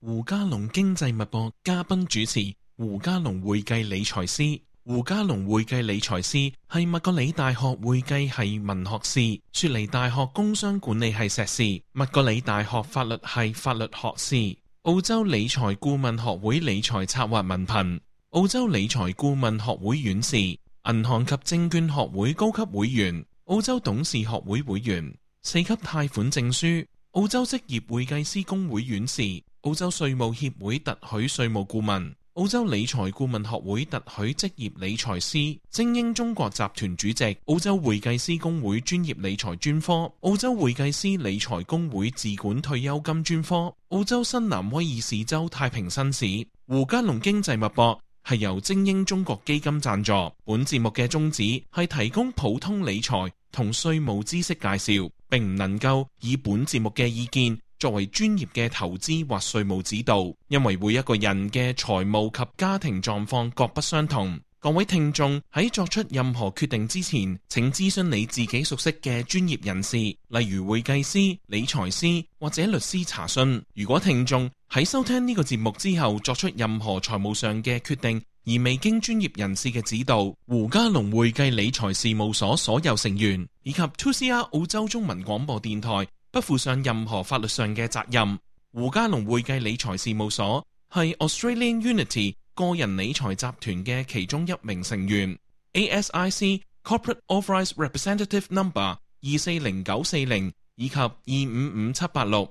.胡嘉龍經濟脈搏嘉賓主持。胡嘉龍會計理財師。胡嘉龍會計理財師係麥格里大學會計系文學士，雪梨大學工商管理系碩士，麥格里大學法律系法律學士，澳洲理財顧問學會理財策劃文憑，澳洲理財顧問學會院士，銀行及證券學會高級會員，澳洲董事學會會，會員，四級貸款證書。澳洲職業會計師公會院士、澳洲稅務協會特許稅務顧問、澳洲理財顧問學會特許執業理財師、精英中國集團主席、澳洲會計師公會專業理財專科、澳洲會計師理財公會自管退休金專科、澳洲新南威爾士州太平紳士。胡嘉龍經濟脈搏係由精英中國基金贊助，本節目嘅宗旨係提供普通理財同稅務知識介紹，並唔能夠以本節目嘅意見作為專業嘅投資或稅務指導，因為每一個人嘅財務及家庭狀況各不相同。各位聽眾喺作出任何決定之前，請諮詢你自己熟悉嘅專業人士，例如會計師、理財師或者律師查詢。如果聽眾喺收聽呢個節目之後作出任何財務上嘅決定，而未經專業人士嘅指導，胡嘉龍會計理財事務所所有成員以及 2CR 澳洲中文廣播電台不負上任何法律上嘅責任。胡嘉龍會計理財事務所係 Australian Unity 個人理財集團嘅其中一名成員，ASIC Corporate Authorised Representative Number 二四零九四零以及二五五七八六。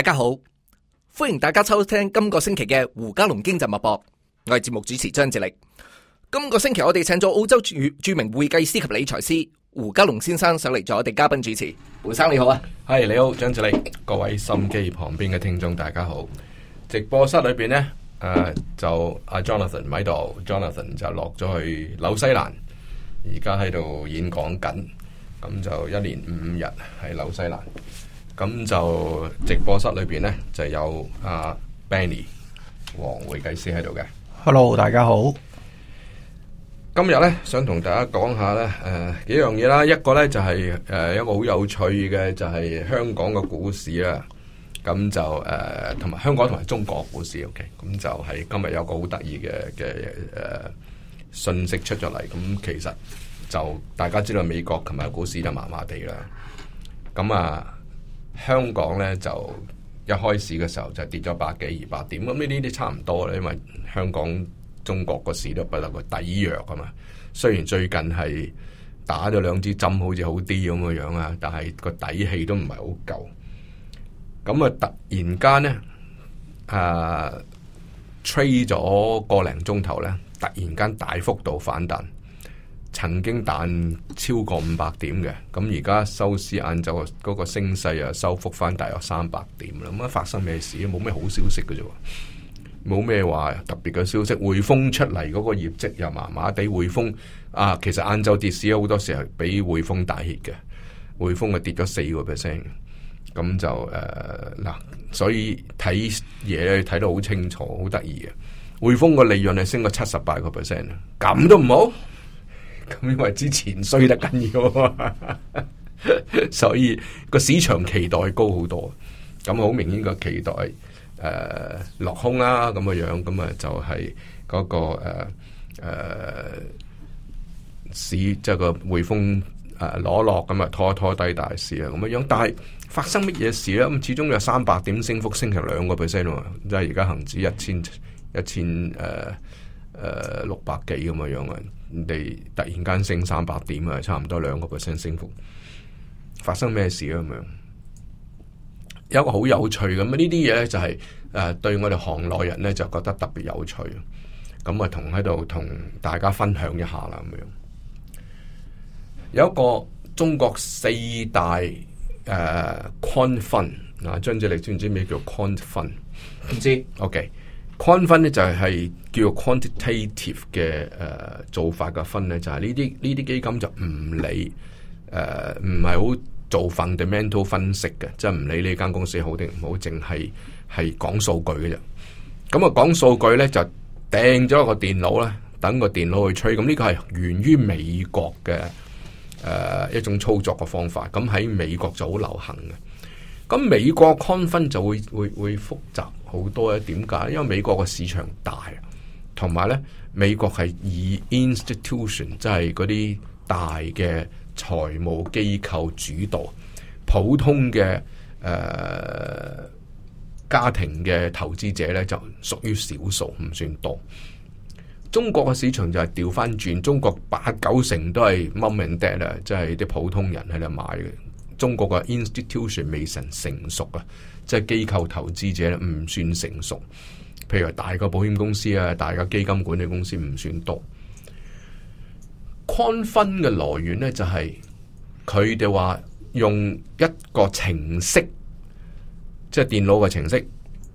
大家好，歡迎大家收聽今個星期嘅胡嘉龍經濟脈搏，我係節目主持張志力。今個星期我哋請咗澳洲著名會計師及理財師胡嘉龍先生上嚟做我哋嘉賓主持。胡生你好啊，係你好，張志力。各位心機旁邊嘅聽眾大家好，直播室裏邊呢，誒、啊、就阿、啊、Jonathan 唔喺度，Jonathan 就落咗去紐西蘭，而家喺度演講緊，咁就一連五日喺紐西蘭。咁就直播室裏邊呢，就有阿、啊、Benny 黃會計師喺度嘅。Hello，大家好。今日呢，想同大家講下呢誒、呃、幾樣嘢啦。一個呢，就係、是、誒、呃、一個好有趣嘅，就係、是、香港嘅股市啦。咁就誒同埋香港同埋中國股市。O.K. 咁就係今日有個好得意嘅嘅誒信息出咗嚟。咁其實就大家知道美國同埋股市就麻麻地啦。咁啊～香港咧就一開始嘅時候就跌咗百幾二百點，咁呢啲啲差唔多咧，因為香港中國個市都不得個底弱啊嘛。雖然最近係打咗兩支針，好似好啲咁嘅樣啊，但係個底氣都唔係好夠。咁啊，突然間咧，啊，吹咗個零鐘頭咧，突然間大幅度反彈。曾經彈超過五百點嘅，咁而家收市晏晝嗰個升勢啊，收復翻大約三百點啦。咁啊，發生咩事？冇咩好消息嘅啫，冇咩話特別嘅消息。匯豐出嚟嗰個業績又麻麻地，匯豐啊，其實晏晝跌市好多時候俾匯豐大血嘅，匯豐係跌咗四個 percent，咁就誒嗱、呃，所以睇嘢咧睇得好清楚，好得意嘅。匯豐個利潤係升過七十八個 percent，咁都唔好。咁因為之前衰得緊要，所以個市場期待高好多。咁好明顯個期待誒、呃、落空啦，咁嘅樣咁、就係嗰個呃、啊就係、是、嗰個誒誒市即係個匯豐誒攞落咁啊拖一拖低大市啊咁嘅樣。但係發生乜嘢事咧？咁始終有三百點升幅，升成兩個 percent 即係而家恒指一千一千誒。誒，六百幾咁嘅樣啊！人哋突然間升三百點啊，差唔多兩個 percent 升幅，發生咩事啊？咁樣有一個好有趣咁啊！呢啲嘢咧就係、是、誒、呃，對我哋行內人咧就覺得特別有趣。咁啊，同喺度同大家分享一下啦，咁樣有一個中國四大誒 quant fund 張志力知唔知咩叫 quant fund 唔知？OK。Quant fund 咧就係叫做 quantitative 嘅誒做法嘅 fund 咧，就係呢啲呢啲基金就唔理誒唔係好做 fundamental 分析嘅，即係唔理呢間公司好定唔好，淨係係講數據嘅啫。咁啊講數據咧就掟咗個電腦咧，等個電腦去 trade。咁呢個係源於美國嘅誒、呃、一種操作嘅方法。咁喺美國就好流行嘅。咁美國 Quant fund 就會會會複雜。好多啊？點解？因為美國嘅市場大，同埋咧美國係以 institution 即係嗰啲大嘅財務機構主導，普通嘅誒、呃、家庭嘅投資者咧就屬於少數，唔算多。中國嘅市場就係調翻轉，中國八九成都係 mom and dad 啦，即係啲普通人喺度買嘅。中國嘅 institution 未成成熟啊。即係機構投資者唔算成熟，譬如大個保險公司啊，大個基金管理公司唔算多。寬分嘅來源呢，就係佢哋話用一個程式，即係電腦嘅程式，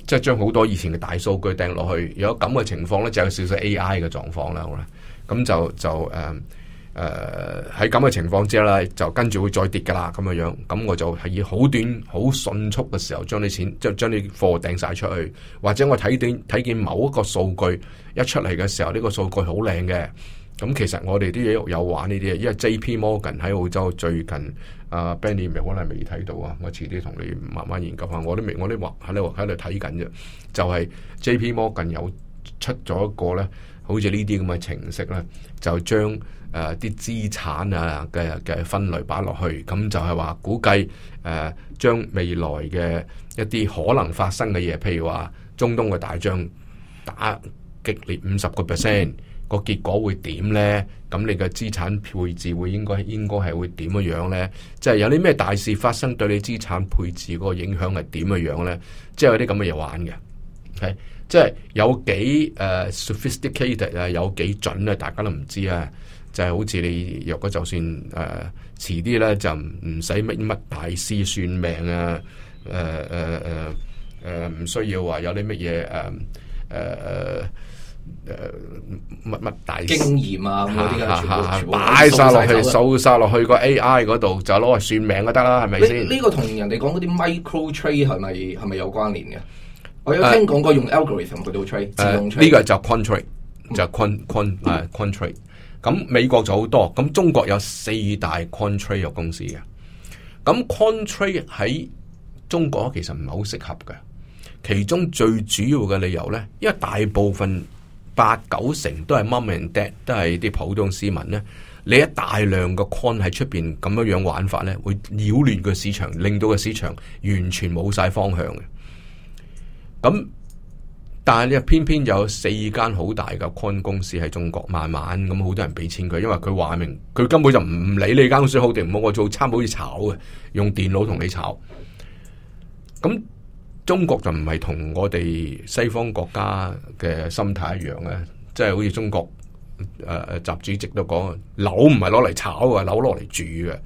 即係將好多以前嘅大數據掟落去。如果咁嘅情況呢，就有少少 AI 嘅狀況啦，好啦，咁就就誒。Uh, 誒喺咁嘅情況之下咧，就跟住會再跌噶啦，咁樣樣，咁我就係以好短、好迅速嘅時候將啲錢，即係將啲貨掟晒出去，或者我睇短睇見某一個數據一出嚟嘅時候，呢、這個數據好靚嘅，咁、嗯、其實我哋啲嘢有玩呢啲，嘢，因為 JP Morgan 喺澳洲最近，阿 Benjamin 可能未睇到啊，我遲啲同你慢慢研究下，我都未，我都喺度喺度睇緊啫，就係、是、JP Morgan 有出咗一個咧。好似呢啲咁嘅程式咧，就將誒啲、呃、資產啊嘅嘅分類擺落去，咁就係話估計誒、呃、將未來嘅一啲可能發生嘅嘢，譬如話中東嘅大仗打激烈五十個 percent，個結果會點咧？咁你嘅資產配置會應該應該係會點嘅樣咧？即係有啲咩大事發生對你資產配置個影響係點嘅樣咧？即係有啲咁嘅嘢玩嘅，係，okay? 即係有幾誒 sophisticated 啊，有幾準啊，大家都唔知啊。就係、是、好似你若果就算誒、呃、遲啲咧，就唔使乜乜大師算命啊，誒誒誒誒，唔、呃呃、需要話有啲乜嘢誒誒誒誒乜乜大經驗啊，嗰啲係擺曬落去、掃晒落去個 AI 嗰度就攞嚟算命就得啦，係咪先？呢、這個同人哋講嗰啲 micro trade 係咪係咪有關聯嘅？我有聽講過用 algorithm 做 trade 自動 trade 呢個就 contrary，就 contrary，contrary。咁美國就好多，咁中國有四大 contrary 公司嘅。咁 contrary 喺中國其實唔係好適合嘅，其中最主要嘅理由咧，因為大部分八九成都係 mum and dad 都係啲普通市民咧，你一大量個 contrary 喺出邊咁樣樣玩法咧，會擾亂個市場，令到個市場完全冇晒方向嘅。咁、嗯，但係咧，偏偏有四間好大嘅 Coin 公司喺中國，慢慢咁好多人俾錢佢，因為佢話明，佢根本就唔理你間公司好定唔好，我做差唔多炒嘅，用電腦同你炒。咁、嗯、中國就唔係同我哋西方國家嘅心態一樣咧，即、就、係、是、好似中國誒習、呃、主席都講樓唔係攞嚟炒嘅，樓攞嚟住嘅，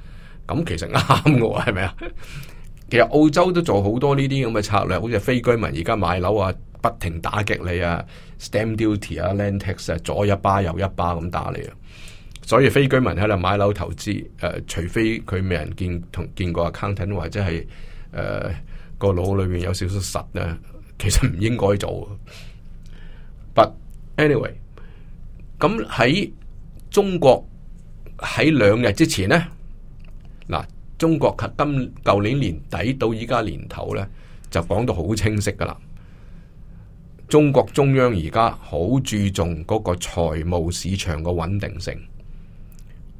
咁其實啱嘅喎，係咪啊？ 其實澳洲都做好多呢啲咁嘅策略，好似非居民而家買樓啊，不停打擊你啊，stamp duty 啊，land tax 啊，左一巴右一巴咁打你啊。所以非居民喺度買樓投資，誒、呃，除非佢未人見同見過 accountant 或者係誒、呃、個腦裏面有少少實啊，其實唔應該做。啊。But anyway，咁喺中國喺兩日之前呢。中國及今舊年年底到依家年頭咧，就講到好清晰噶啦。中國中央而家好注重嗰個財務市場個穩定性，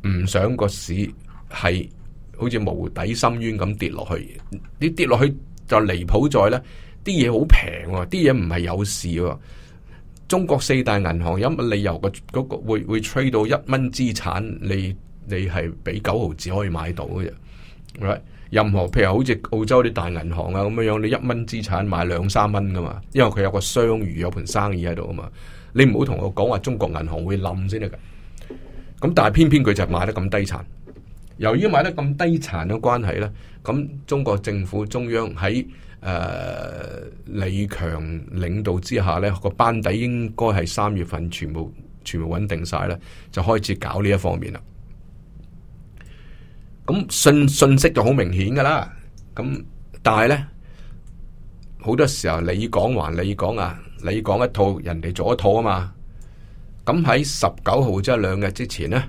唔想個市係好似無底深淵咁跌落去。你跌落去就離譜在咧，啲嘢好平，啲嘢唔係有市。中國四大銀行有乜理由個、嗰個會會吹到一蚊資產？你你係俾九毫子可以買到嘅？Right. 任何譬如好似澳洲啲大銀行啊咁樣樣，你一蚊資產買兩三蚊噶嘛，因為佢有個商餘，有盤生意喺度啊嘛。你唔好同我講話中國銀行會冧先得噶。咁但係偏偏佢就買得咁低殘。由於買得咁低殘嘅關係呢，咁中國政府中央喺，誒、呃、李強領導之下呢，個班底應該係三月份全部全部穩定晒咧，就開始搞呢一方面啦。咁信信息就好明顯噶啦，咁但係呢，好多時候你講還你講啊，你講一套，人哋做一套啊嘛。咁喺十九號即係兩日之前呢，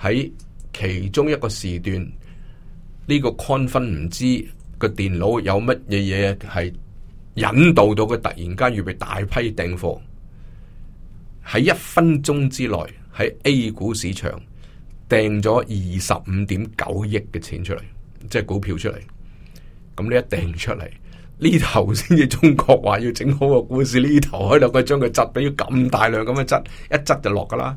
喺其中一個時段，呢個寬分唔知個電腦有乜嘢嘢係引導到佢突然間預備大批訂貨，喺一分鐘之內喺 A 股市場掟咗二十五點九億嘅錢出嚟，即係股票出嚟。咁你一掟出嚟，呢頭先至中國話要整好個股市，呢頭喺度，佢將佢執，俾要咁大量咁樣執，一執就落噶啦。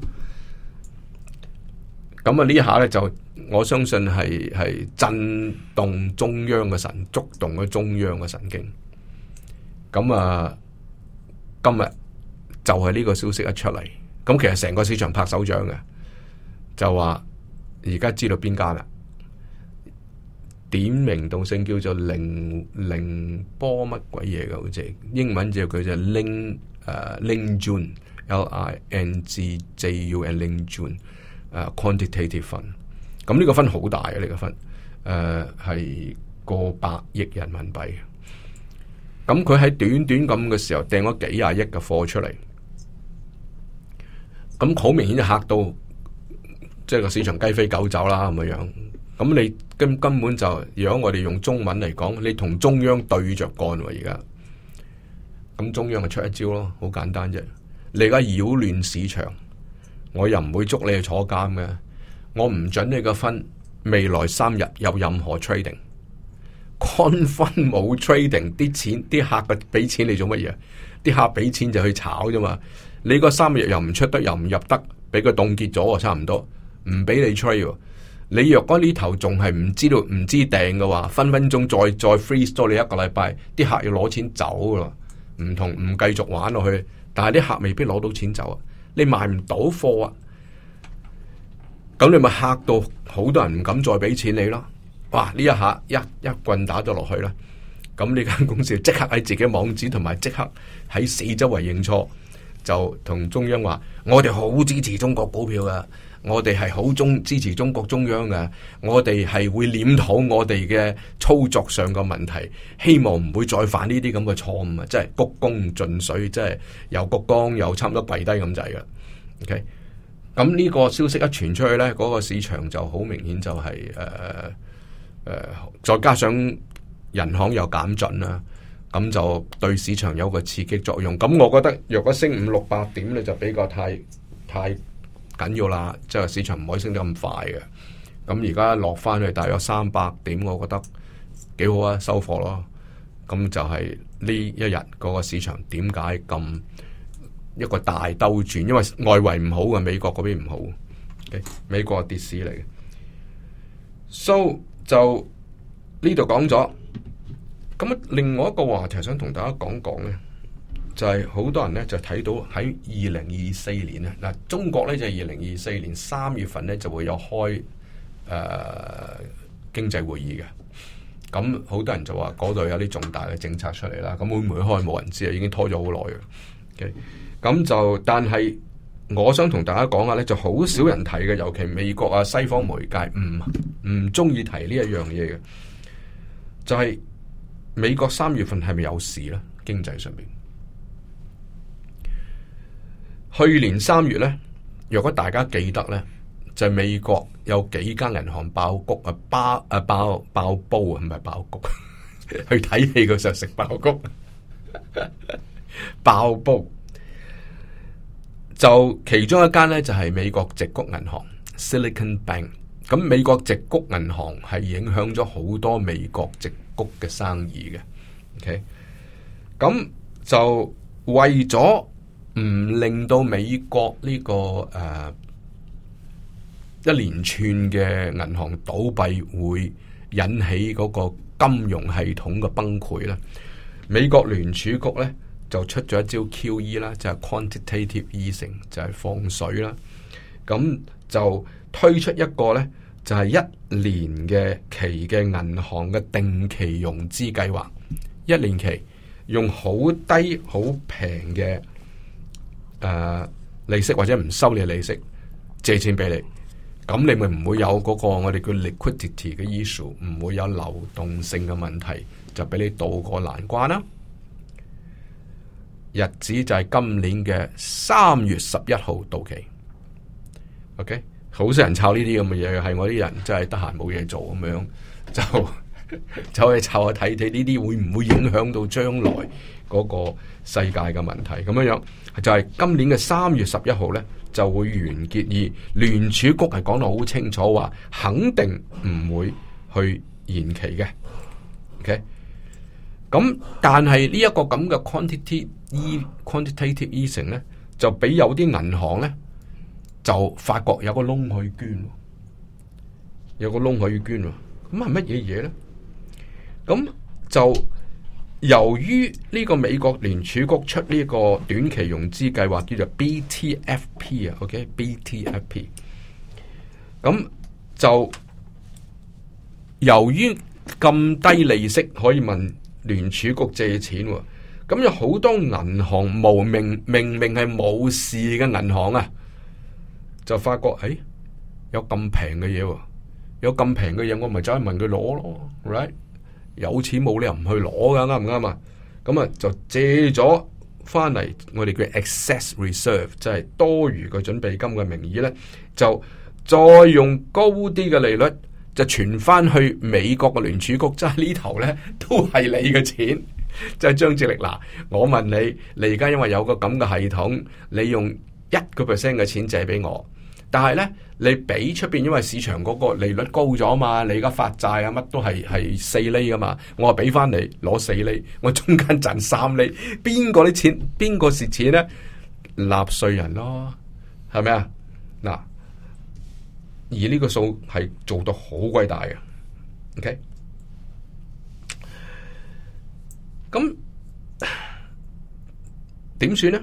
咁啊，呢下咧就我相信係係震動中央嘅神，觸動咗中央嘅神經。咁啊，今日就係呢個消息一出嚟，咁其實成個市場拍手掌嘅。就話而家知道邊間啦，點名道姓叫做零凌波乜鬼嘢嘅，好似英文叫就佢就凌誒凌俊，L, ing,、uh, jun, L I N G J U N，凌俊誒 quantitative 分，咁呢、uh, 個分好大啊！呢、這個分誒係、uh, 過百億人民幣，咁佢喺短短咁嘅時候掟咗幾廿億嘅貨出嚟，咁好明顯就嚇到。即係個市場雞飛狗走啦，咁嘅樣咁你根根本就，如果我哋用中文嚟講，你同中央對着幹喎。而家咁中央就出一招咯，好簡單啫。你而家擾亂市場，我又唔會捉你去坐監嘅。我唔准你個分未來三日有任何 trading，confirm 冇 trading，啲錢啲客嘅俾錢你做乜嘢？啲客俾錢就去炒啫嘛。你個三日又唔出得，又唔入得，俾佢凍結咗，差唔多。唔俾你吹喎，你若果呢頭仲係唔知道唔知訂嘅話，分分鐘再再 freeze 咗你一個禮拜，啲客要攞錢走噶，唔同唔繼續玩落去，但係啲客未必攞到錢走啊，你賣唔到貨啊，咁你咪嚇到好多人唔敢再俾錢你咯，哇！呢一下一一棍打咗落去啦，咁呢間公司即刻喺自己網址同埋即刻喺四周圍認錯，就同中央話我哋好支持中國股票噶。我哋係好中支持中國中央嘅，我哋係會檢討我哋嘅操作上嘅問題，希望唔會再犯呢啲咁嘅錯誤啊！即係鞠躬盡瘁，即係又鞠躬又差唔多跪低咁滯㗎 OK，咁呢個消息一傳出去呢，嗰個市場就好明顯就係誒誒，再加上人行又減準啦，咁就對市場有個刺激作用。咁我覺得若果升五六百點咧，就比較太太。緊要啦，即係市場唔可以升得咁快嘅。咁而家落翻去大約三百點，我覺得幾好啊，收貨咯。咁就係呢一日嗰個市場點解咁一個大兜轉？因為外圍唔好嘅，美國嗰邊唔好嘅，美國跌市嚟嘅。So，就呢度講咗。咁啊，另外一個話題想同大家講講呢。就係好多人咧，就睇到喺二零二四年啊，嗱，中國咧就係二零二四年三月份咧就會有開誒、呃、經濟會議嘅，咁、嗯、好多人就話嗰度有啲重大嘅政策出嚟啦，咁、嗯、會唔會開冇人知啊？已經拖咗好耐嘅，咁、okay? 嗯、就但係我想同大家講下咧，就好少人睇嘅，尤其美國啊西方媒介唔唔中意提呢一樣嘢嘅，就係、是、美國三月份係咪有事咧？經濟上面。去年三月呢，若果大家記得呢，就是、美國有幾間銀行爆谷啊，爆啊爆爆煲啊，唔係爆谷， 去睇戲嗰時候食爆谷， 爆煲。就其中一間呢，就係、是、美國矽谷銀行 Silicon Bank。咁美國矽谷銀行係影響咗好多美國矽谷嘅生意嘅。OK，咁就為咗，唔令到美國呢、這個誒、啊、一連串嘅銀行倒閉會引起嗰個金融系統嘅崩潰啦。美國聯儲局呢就出咗一招 QE 啦，就係 quantitative easing，就係放水啦。咁就推出一個呢，就係、是、一年嘅期嘅銀行嘅定期融資計劃，一年期用好低好平嘅。誒，uh, 利息或者唔收你利息，借錢俾你，咁你咪唔會有嗰個我哋叫 liquidity 嘅 issue，唔會有流動性嘅問題，就俾你渡過難關啦，啊。日子就係今年嘅三月十一號到期。OK，好少人炒呢啲咁嘅嘢嘅，係我啲人真係得閒冇嘢做咁樣就。就去查下睇睇呢啲會唔會影響到將來嗰個世界嘅問題咁樣樣，就係、是、今年嘅三月十一號咧就會完結。而聯儲局係講得好清楚，話肯定唔會去延期嘅。OK，咁但係、e, 呢一個咁嘅 quantitative easing 咧，就俾有啲銀行咧就發覺有個窿可以捐，有個窿可以捐，咁係乜嘢嘢咧？咁就由於呢個美國聯儲局出呢個短期融資計劃叫做 BTFP 啊，OK，BTFP。咁、okay？就由於咁低利息可以問聯儲局借錢，咁有好多銀行無名，明明係冇事嘅銀行啊，就發覺誒有咁平嘅嘢，有咁平嘅嘢，我咪走去問佢攞咯，right？有錢冇理由唔去攞噶，啱唔啱啊？咁啊就借咗翻嚟，我哋叫 excess reserve，即係多餘嘅準備金嘅名義呢，就再用高啲嘅利率就存翻去美國嘅聯儲局，即係呢頭呢，都係你嘅錢，即係張志力嗱，我問你，你而家因為有個咁嘅系統，你用一個 percent 嘅錢借俾我。但係咧，你俾出邊，因為市場嗰個利率高咗嘛，你而家發債啊，乜都係係四厘噶嘛，我話俾翻你攞四厘，我中間賺三厘，邊個啲錢，邊個蝕錢咧？納稅人咯，係咪啊？嗱，而呢個數係做到好鬼大嘅，OK，咁、嗯、點、嗯、算呢？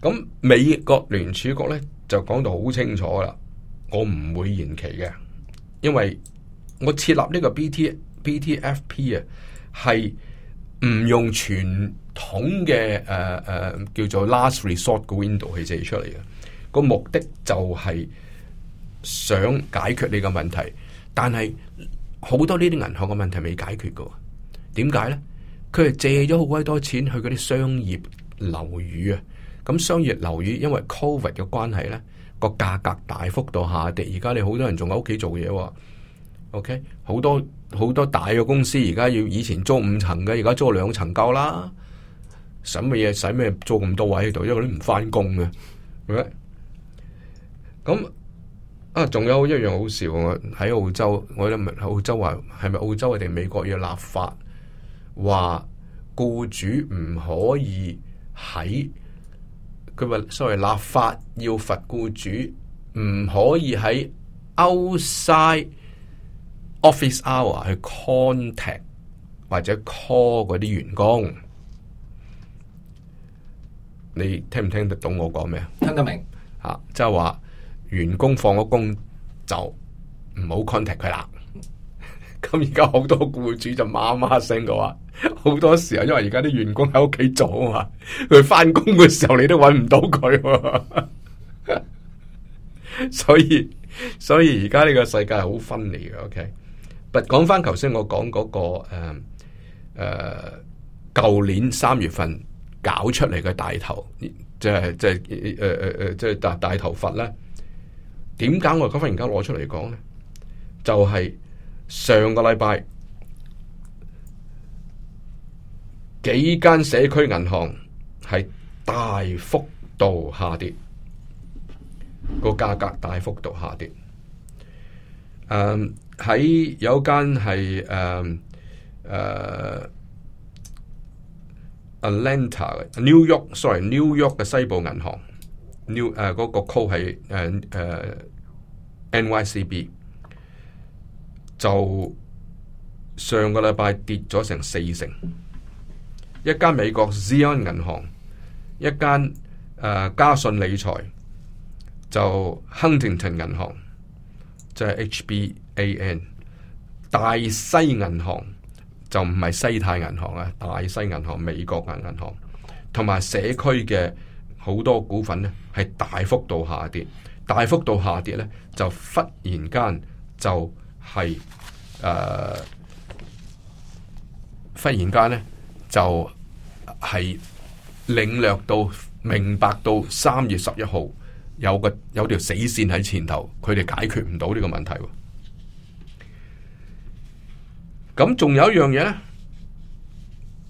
咁、嗯、美國聯儲局咧？就講到好清楚啦，我唔會延期嘅，因為我設立呢個 BT BTFP 啊，係唔用傳統嘅誒誒叫做 Last Resort 嘅 Window 去借出嚟嘅，個目的就係想解決你個問題，但係好多呢啲銀行嘅問題未解決嘅，點解呢？佢係借咗好鬼多錢去嗰啲商業樓宇啊！咁商業樓宇，因為 Covid 嘅關係咧，個價格大幅度下跌。而家你好多人仲喺屋企做嘢，OK？好多好多大嘅公司而家要以前租五層嘅，而家租兩層夠啦。使乜嘢？使咩租咁多位喺度？因為你唔翻工嘅，咁啊，仲有一樣好事喎。喺澳洲，我諗澳洲話係咪澳洲？定美國要立法，話僱主唔可以喺。佢話：所謂立法要罰僱主，唔可以喺 outside office hour 去 contact 或者 call 嗰啲員工。你聽唔聽得懂我講咩 啊？聽得明啊！即係話員工放咗工就唔好 contact 佢啦。咁而家好多僱主就嘛嘛聲嘅話，好多時候因為而家啲員工喺屋企做啊嘛，佢翻工嘅時候你都搵唔到佢， 所以所以而家呢個世界係好分離嘅。OK，But 講翻頭先我講嗰、那個誒誒，舊、uh, uh, 年三月份搞出嚟嘅大頭，即係即係誒誒誒，即、就、係、是 uh, uh, 大大頭佛咧。點解我今番而家攞出嚟講咧？就係、是。上個禮拜，幾間社區銀行係大幅度下跌，個價格大幅度下跌。嗯，喺有間係誒誒，Atlanta 嘅 New York，sorry New York 嘅西部銀行，New 誒嗰個 code 係誒誒 NYCB。就上個禮拜跌咗成四成，一間美國 Zion 銀行，一間誒嘉信理財，就 Huntington 銀行，即係 HBAN，大西銀行就唔係西太銀行啊，大西銀行美國銀行，同埋社區嘅好多股份呢係大幅度下跌，大幅度下跌呢，就忽然間就。係誒、呃，忽然間咧就係領略到、明白到三月十一號有個有條死線喺前頭，佢哋解決唔到呢個問題。咁仲有一樣嘢咧，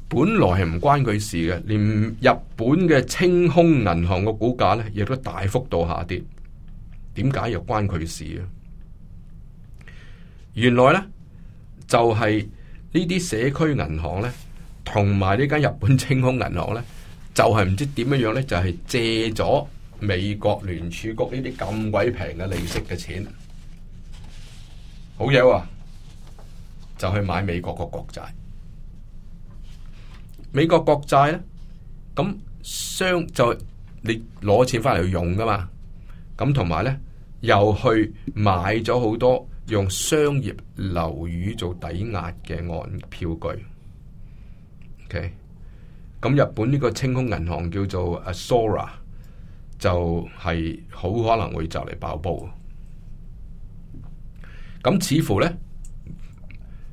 本來係唔關佢事嘅，連日本嘅青空銀行嘅股價咧亦都大幅度下跌。點解又關佢事啊？原來呢，就係呢啲社區銀行呢，同埋呢間日本青空銀行呢，就係唔知點樣樣呢，就係借咗美國聯儲局呢啲咁鬼平嘅利息嘅錢，好嘢啊，就去買美國個國債，美國國債呢，咁相就你攞錢翻嚟去用噶嘛，咁同埋呢，又去買咗好多。用商業樓宇做抵押嘅按票據，OK，咁日本呢個青空銀行叫做 Aozora，就係好可能會就嚟爆煲。咁似乎呢，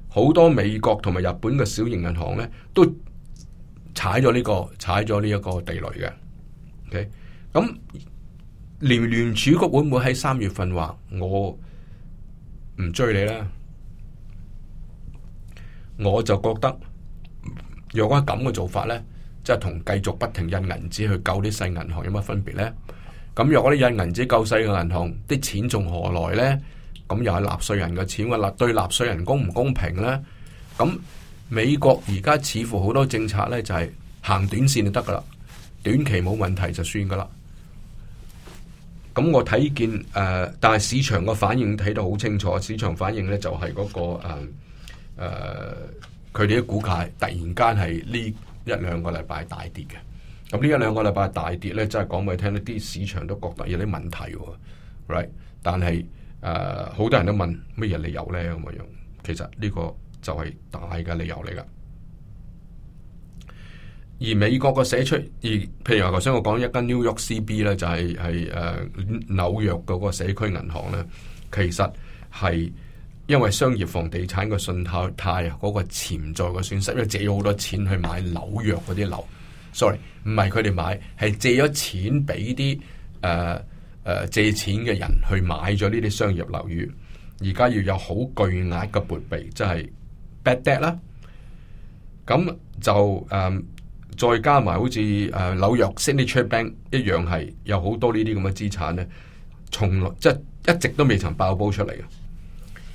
好多美國同埋日本嘅小型銀行呢，都踩咗呢個踩咗呢一個地雷嘅，OK，咁連聯，聯儲局會唔會喺三月份話我？唔追你啦，我就覺得若果係咁嘅做法呢，即係同繼續不停印銀紙去救啲細銀行有乜分別呢？咁若果你印銀紙救細嘅銀行，啲錢仲何來呢？咁又係納稅人嘅錢，對納稅人公唔公平呢？咁美國而家似乎好多政策呢，就係行短綫就得噶啦，短期冇問題就算噶啦。咁我睇見誒、呃，但係市場個反應睇到好清楚，市場反應咧就係嗰個誒誒，佢哋啲股價突然間係呢一兩個禮拜大跌嘅。咁呢一兩個禮拜大跌咧，即係講俾你聽，呢啲市場都覺得有啲問題，right？但係誒好多人都問乜嘢理由咧咁樣，其實呢個就係大嘅理由嚟噶。而美國個社出而，譬如話頭先我講一間 New York CB 咧，就係係誒紐約嗰個社區銀行咧，其實係因為商業房地產個信貸嗰個潛在個損失，因為借咗好多錢去買紐約嗰啲樓，sorry，唔係佢哋買，係借咗錢俾啲誒誒借錢嘅人去買咗呢啲商業樓宇，而家要有好巨額嘅撥備，即係 bad debt 啦。咁就誒。嗯再加埋好似誒紐約 Signature Bank 一樣係有好多呢啲咁嘅資產咧，從來即係、就是、一直都未曾爆煲出嚟嘅。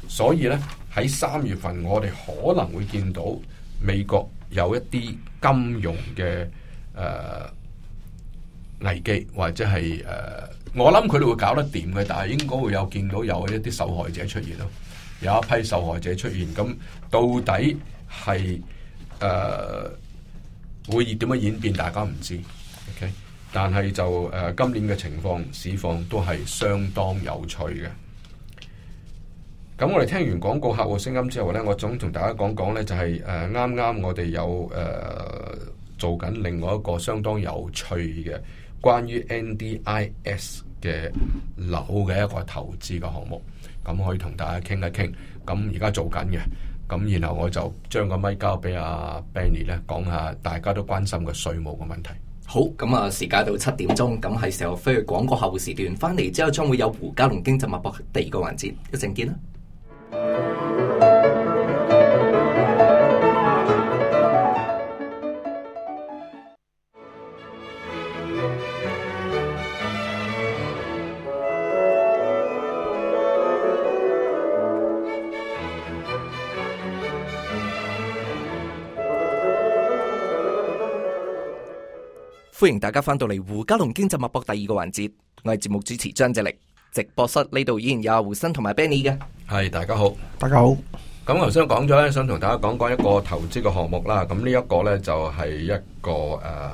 所以咧喺三月份，我哋可能會見到美國有一啲金融嘅誒危機，或者係誒我諗佢哋會搞得掂嘅，但係應該會有見到有一啲受害者出現咯，有一批受害者出現。咁到底係誒？呃會點樣演變，大家唔知。O、okay? K，但係就誒、呃，今年嘅情況市況都係相當有趣嘅。咁我哋聽完廣告客戶聲音之後呢，我想同大家講講呢，就係誒啱啱我哋有誒、呃、做緊另外一個相當有趣嘅關於 N D I S 嘅樓嘅一個投資嘅項目。咁可以同大家傾一傾。咁而家做緊嘅。咁然後我就將個麥交俾阿 Benny 咧，講下大家都關心嘅稅務嘅問題。好，咁啊時間到七點鐘，咁係時候飛去廣告客戶時段。翻嚟之後將會有胡嘉龍經濟脈搏第二個環節，一陣見啦。歡迎大家翻到嚟胡嘉龍經濟脈搏第二個環節，我係節目主持張哲力，直播室呢度依然有胡生同埋 Benny 嘅，係大家好，大家好。咁頭先講咗咧，想同大家講講一個投資嘅項目啦。咁、這、呢、個、一個咧就、呃、係一個誒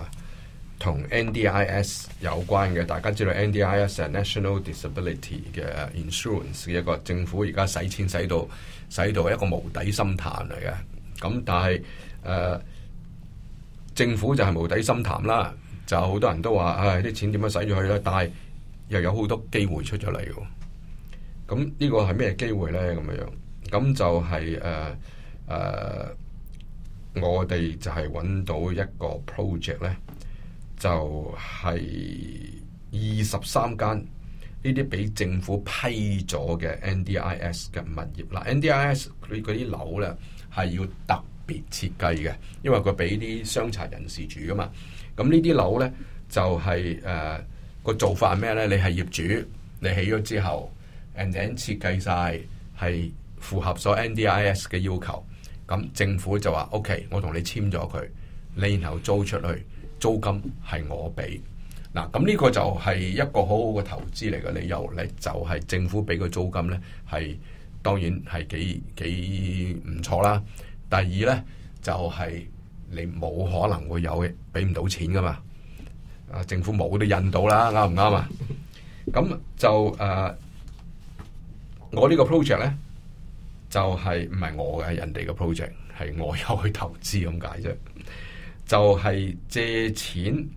同 NDIS 有關嘅，大家知道 NDIS 係 National Disability 嘅、啊、Insurance 嘅一個政府而家使錢使到使到一個無底深潭嚟嘅。咁但係誒、呃、政府就係無底深潭啦。有好多人都話，唉、哎，啲錢點樣使咗去咧？但係又有好多機會出咗嚟嘅。咁呢個係咩機會咧？咁樣、就是，咁就係誒誒，我哋就係揾到一個 project 咧，就係二十三間呢啲俾政府批咗嘅 NDIS 嘅物業。嗱、呃、NDIS 佢嗰啲樓咧係要搭別設計嘅，因為佢俾啲傷殘人士住噶嘛。咁呢啲樓呢，就係誒、啊、個做法係咩呢？你係業主，你起咗之後 and then 設計晒係符合咗 NDIS 嘅要求。咁政府就話：OK，我同你簽咗佢，你然後租出去，租金係我俾。嗱，咁呢個就係一個好好嘅投資嚟嘅，理由。你就係政府俾個租金呢，係當然係幾幾唔錯啦。第二咧，就係、是、你冇可能會有俾唔到錢噶嘛，啊政府冇都印到啦，啱唔啱啊？咁就誒，uh, 我呢個 project 咧，就係唔係我嘅，人哋嘅 project，係我有去投資咁解啫，就係、是、借錢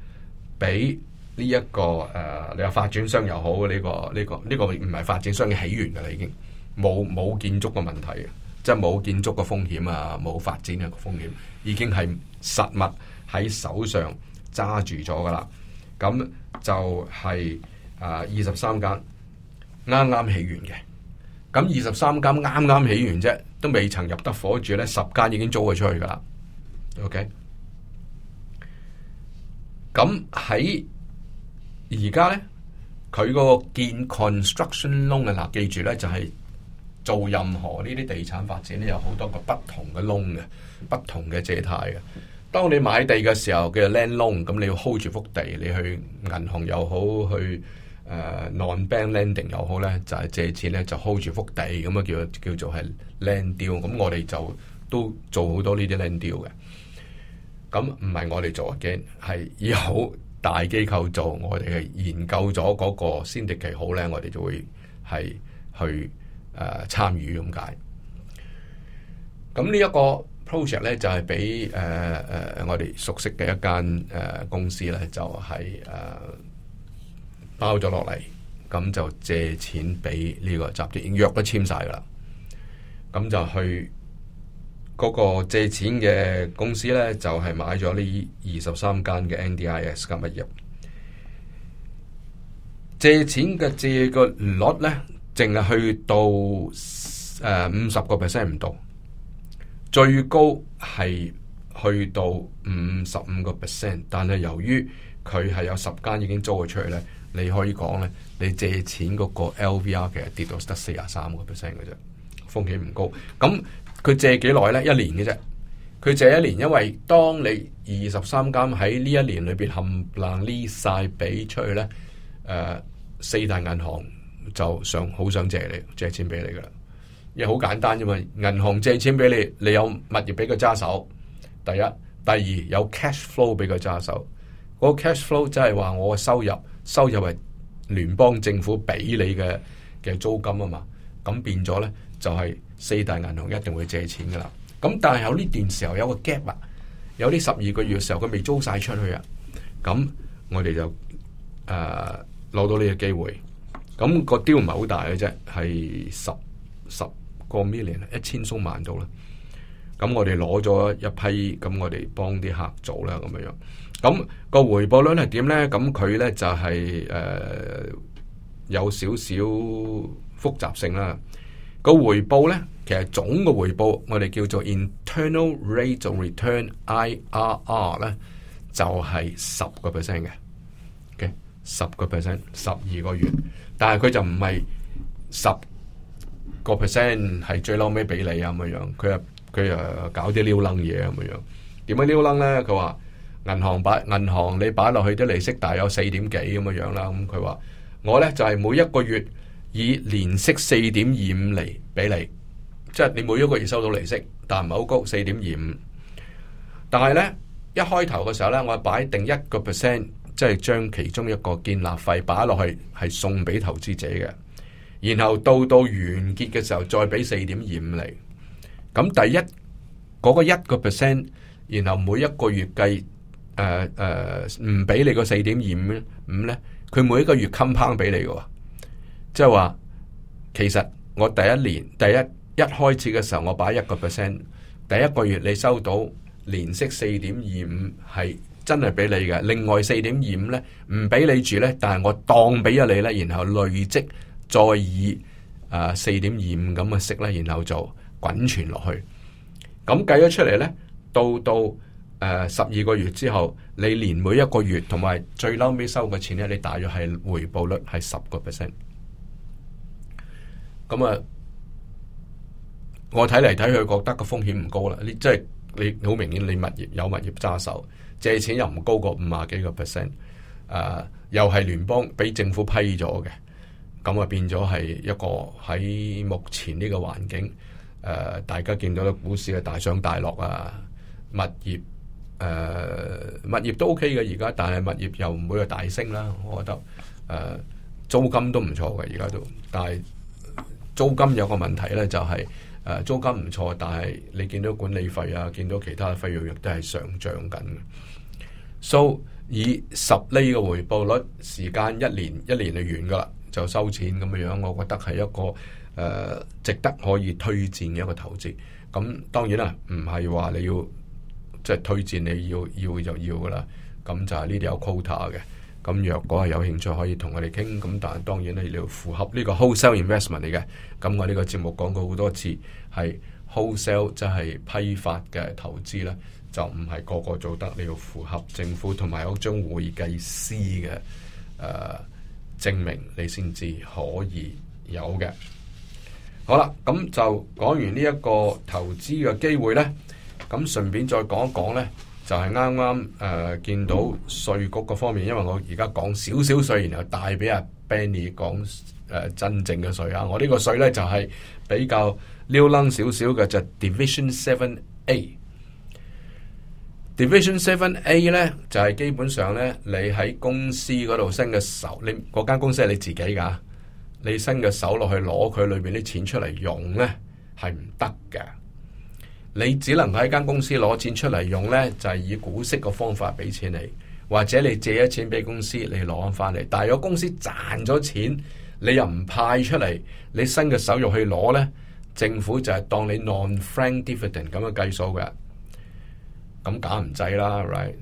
俾呢一個誒，uh, 你話發展商又好呢，這個呢，這個呢，這個唔係發展商嘅起源噶啦，已經冇冇建築嘅問題嘅。即係冇建築個風險啊，冇發展嘅個風險，已經係實物喺手上揸住咗噶啦。咁就係啊，二十三間啱啱起完嘅。咁二十三間啱啱起完啫，都未曾入得火住呢，十間已經租咗出去噶啦。OK，咁喺而家呢，佢嗰個建 construction loan 啊，嗱，記住呢，就係、是。做任何呢啲地產發展咧，有好多個不同嘅窿嘅，不同嘅借貸嘅。當你買地嘅時候，嘅 land loan，咁你要 hold 住幅地，你去銀行又好，去誒 non bank lending 又好咧，就係借錢咧就 hold 住幅地，咁啊叫叫做係 land deal。咁我哋就都做好多呢啲 land deal 嘅。咁唔係我哋做嘅，係有大機構做，我哋係研究咗嗰個 syndicate 好咧，我哋就會係去。誒，參與咁解，咁呢一個 project 呢，就係俾誒誒我哋熟悉嘅一間誒、呃、公司呢，就係、是、誒、呃、包咗落嚟，咁就借錢俾呢個集團，已經約都簽晒㗎啦，咁就去嗰個借錢嘅公司呢，就係、是、買咗呢二十三間嘅 NDIS 嘅物業，借錢嘅借個率呢。淨係去到誒五十個 percent 唔到，最高係去到五十五個 percent，但係由於佢係有十間已經租咗出去咧，你可以講咧，你借錢嗰個 LVR 其實跌到得四十三個 percent 嘅啫，風險唔高。咁佢借幾耐咧？一年嘅啫，佢借一年，因為當你二十三間喺呢一年裏邊冚唪唥呢晒俾出去咧，誒四大銀行。就想好想借你借錢俾你噶啦因為好簡單啫嘛。銀行借錢俾你，你有物業俾佢揸手，第一，第二有 cash flow 俾佢揸手。嗰個 cash flow 即係話我嘅收入，收入係聯邦政府俾你嘅嘅租金啊嘛。咁變咗呢，就係四大銀行一定會借錢噶啦咁但係有呢段時候有個 gap 啊，有啲十二個月嘅時候佢未租晒出去啊。咁我哋就誒攞到呢個機會。咁個 deal 唔係好大嘅啫，係十十個 million，一千鬆萬度啦。咁我哋攞咗一批，咁我哋幫啲客做啦，咁樣樣。咁、個回報率係點咧？咁佢咧就係、是、誒、呃、有少少複雜性啦。個回報咧，其實總嘅回報，我哋叫做 internal rate of return（IRR） 咧，就係十個 percent 嘅。嘅十個 percent，十二個月。但係佢就唔係十個 percent 係最嬲尾俾你啊，咁樣，佢啊佢啊搞啲撩楞嘢咁樣。點樣撩楞咧？佢話銀行擺銀行你擺落去啲利息，大約四點幾咁樣樣啦。咁佢話我咧就係、是、每一個月以年息四點二五嚟俾你，即、就、係、是、你每一個月收到利息，但係唔係好高，四點二五。但係咧一開頭嘅時候咧，我係擺定一個 percent。即係將其中一個建立費擺落去，係送俾投資者嘅。然後到到完結嘅時候，再俾四點二五嚟。咁第一嗰、嗰個一個 percent，然後每一個月計，誒、呃、誒，唔、呃、俾你個四點二五咧，佢每一個月 compounding 俾你嘅。即係話，其實我第一年第一一開始嘅時候我，我擺一個 percent，第一個月你收到年息四點二五係。真係俾你嘅，另外四點二五呢唔俾你住呢，但係我當俾咗你呢，然後累積再以四點二五咁嘅息呢，然後就滾存落去。咁計咗出嚟呢，到到十二個月之後，你連每一個月同埋最嬲尾收嘅錢呢，你大約係回報率係十個 percent。咁啊，我睇嚟睇去覺得個風險唔高啦，你即係。你好明顯，你物業有物業揸手，借錢又唔高過五啊幾個 percent，誒又係聯邦俾政府批咗嘅，咁啊變咗係一個喺目前呢個環境誒、呃，大家見到咧股市嘅大上大落啊，物業誒、呃、物業都 OK 嘅而家，但係物業又唔會有大升啦，我覺得誒、呃、租金都唔錯嘅而家都，但係租金有個問題咧就係、是。誒租金唔錯，但係你見到管理費啊，見到其他費用亦都係上漲緊嘅。So 以十厘嘅回報率，時間一年一年就完㗎啦，就收錢咁嘅樣，我覺得係一個誒、呃、值得可以推薦嘅一個投資。咁當然啦，唔係話你要即係、就是、推薦你要要就要㗎啦，咁就係呢啲有 quota 嘅。咁若果係有興趣，可以同我哋傾。咁但係當然你要符合呢個 wholesale investment 嚟嘅。咁我呢個節目講過好多次，係 wholesale 即係批發嘅投資呢，就唔係個個做得。你要符合政府同埋有張會計師嘅誒、呃、證明，你先至可以有嘅。好啦，咁就講完呢一個投資嘅機會呢，咁順便再講一講呢。就係啱啱誒見到稅局嗰方面，因為我而家講少少稅，然後帶俾阿 Benny 講誒、呃、真正嘅稅啊！我個稅呢個稅咧就係、是、比較溜撚少少嘅，就是、Division Seven A。Division Seven A 咧就係、是、基本上咧，你喺公司嗰度升嘅手，你嗰間公司係你自己㗎，你升嘅手落去攞佢裏邊啲錢出嚟用咧係唔得嘅。你只能喺間公司攞錢出嚟用呢，就係以股息嘅方法俾錢你，或者你借咗錢俾公司，你攞翻嚟。但係如果公司賺咗錢，你又唔派出嚟，你伸個手入去攞呢，政府就係當你 non-frank dividend 咁樣計數嘅，咁搞唔制啦，right？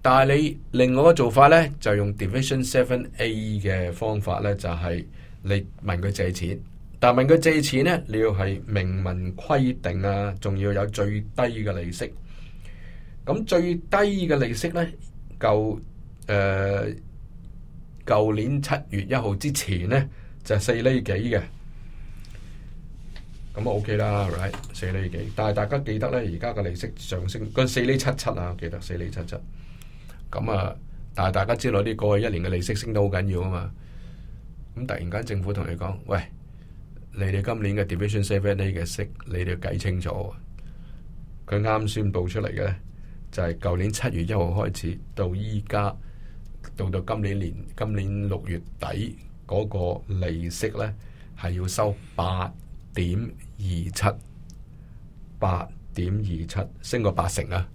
但係你另外一個做法呢，就用 division seven a 嘅方法呢，就係你問佢借錢。但問佢借錢咧，你要係明文規定啊，仲要有最低嘅利息。咁最低嘅利息咧，舊誒舊年七月一號之前咧就四、是、厘幾嘅就係四厘幾嘅，咁啊 OK 啦，right 四厘幾。但係大家記得咧，而家嘅利息上升，個四厘七七啊，記得四厘七七。咁啊，但係大家知道呢，過去一年嘅利息升得好緊要啊嘛。咁突然間政府同你講，喂！你哋今年嘅 Division 7A 嘅息，你哋要計清楚。佢啱宣布出嚟嘅咧，就係、是、舊年七月一號開始到依家，到到今年年今年六月底嗰、那個利息咧，係要收八點二七，八點二七，升過八成啊！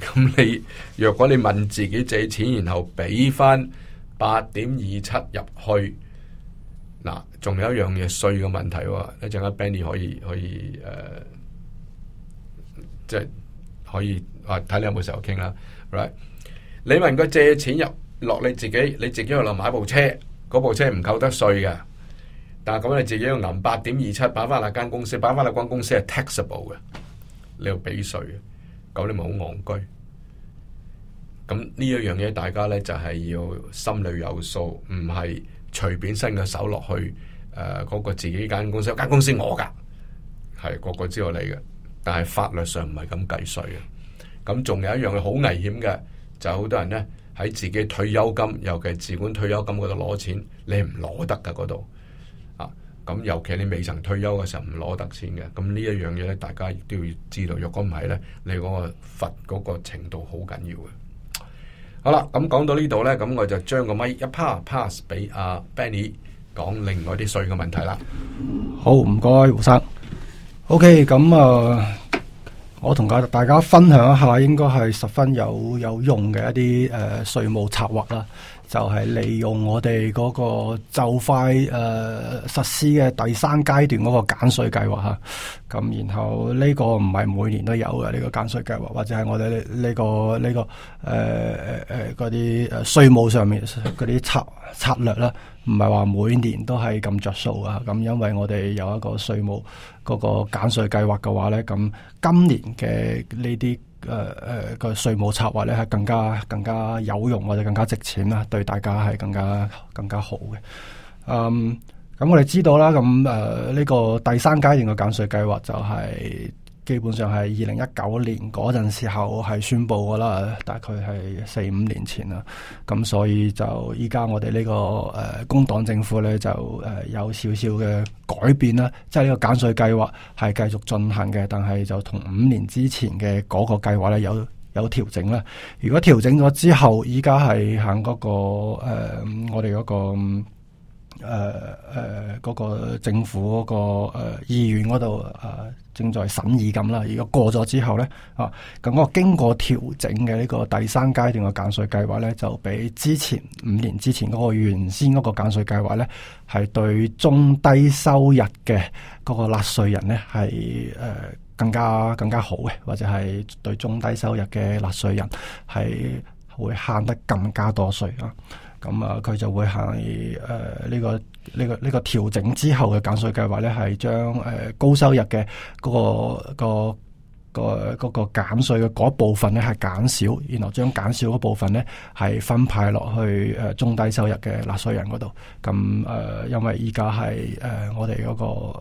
咁你若果你問自己借錢，然後俾翻八點二七入去。嗱，仲有一樣嘢，稅嘅問題喎，一陣間 Benny 可以可以誒，即係、呃就是、可以，啊睇你有冇時候傾啦，right？你問佢借錢入落你自己，你自己又落買部車，嗰部車唔扣得稅噶，但係咁你自己要銀八點二七擺翻那間公司，擺翻那間公司係 taxable 嘅，你要俾稅嘅，咁你咪好戇居。咁呢一樣嘢，大家咧就係、是、要心裏有數，唔係。隨便伸個手落去，誒，嗰個自己間公司，有間公司我噶，係個個知道你嘅。但係法律上唔係咁計稅嘅。咁仲有一樣嘢好危險嘅，就好多人咧喺自己退休金，尤其係自管退休金嗰度攞錢，你唔攞得噶嗰度。啊，咁尤其你未曾退休嘅時候唔攞得錢嘅，咁呢一樣嘢咧，大家亦都要知道。若果唔係咧，你嗰個罰嗰個程度好緊要嘅。好啦，咁、嗯、講到呢度咧，咁、嗯、我就將個咪一 part pass 俾阿 pass、uh, Benny 講另外啲稅嘅問題啦。好，唔該，胡生。OK，咁、嗯、啊、嗯，我同大家分享一下，應該係十分有有用嘅一啲誒稅務策劃啦。就係利用我哋嗰個就快誒、呃、實施嘅第三階段嗰個減稅計劃嚇，咁、啊、然後呢個唔係每年都有嘅呢、這個減稅計劃，或者係我哋呢呢個呢、這個誒誒嗰啲誒稅務上面嗰啲策策略啦，唔係話每年都係咁着數啊，咁因為我哋有一個稅務嗰個減稅計劃嘅話咧，咁今年嘅呢啲。誒誒，個稅務策劃咧係更加更加有用或者更加值錢啦，對大家係更加更加好嘅。嗯，咁我哋知道啦，咁誒呢個第三階段嘅減稅計劃就係、是。基本上係二零一九年嗰陣時候係宣布噶啦，大概係四五年前啦，咁所以就依家我哋呢、這個誒、呃、工黨政府呢，就誒、呃、有少少嘅改變啦，即係呢個減稅計劃係繼續進行嘅，但係就同五年之前嘅嗰個計劃呢，有有調整啦。如果調整咗之後，依家係行嗰個誒我哋嗰個。呃誒誒，嗰個、呃呃、政府嗰、嗰個誒、呃、議員嗰度誒正在審議咁啦。如果過咗之後咧，啊，咁、嗰、我、個、經過調整嘅呢個第三階段嘅減稅計劃咧，就比之前五年之前嗰個原先嗰個減稅計劃咧，係對中低收入嘅嗰個納稅人咧係誒更加更加好嘅，或者係對中低收入嘅納稅人係會慳得更加多稅啊。咁啊，佢、嗯、就會係誒呢個呢、這個呢、這個調整之後嘅減稅計劃咧，係將誒高收入嘅嗰、那個、那個、那個嗰減、那個那個、稅嘅嗰部分咧係減少，然後將減少嗰部分咧係分派落去誒、呃、中低收入嘅納稅人嗰度。咁、嗯、誒、呃，因為而家係誒我哋嗰、那個誒、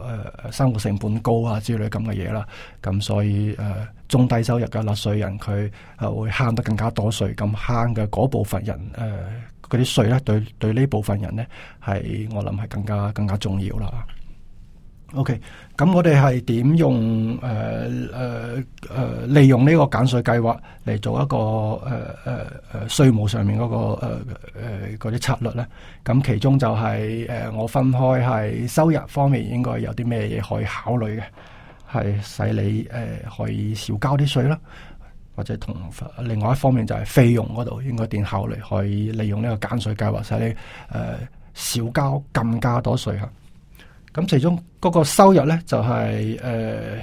呃、生活成本高啊之類咁嘅嘢啦，咁、嗯、所以誒、呃、中低收入嘅納稅人佢係會慳得更加多稅，咁慳嘅嗰部分人誒。呃呃呃嗰啲稅咧，對對呢部分人咧，係我諗係更加更加重要啦。OK，咁我哋係點用誒誒誒利用呢個減稅計劃嚟做一個誒誒誒稅務上面嗰個誒誒嗰啲策略咧？咁其中就係誒我分開係收入方面應該有啲咩嘢可以考慮嘅，係使你誒可以少交啲稅啦。或者同另外一方面就係費用嗰度，應該點考慮可以利用呢個減稅計劃，使你誒、呃、少交更加多稅吓。咁其中嗰個收入咧，就係、是、誒、呃、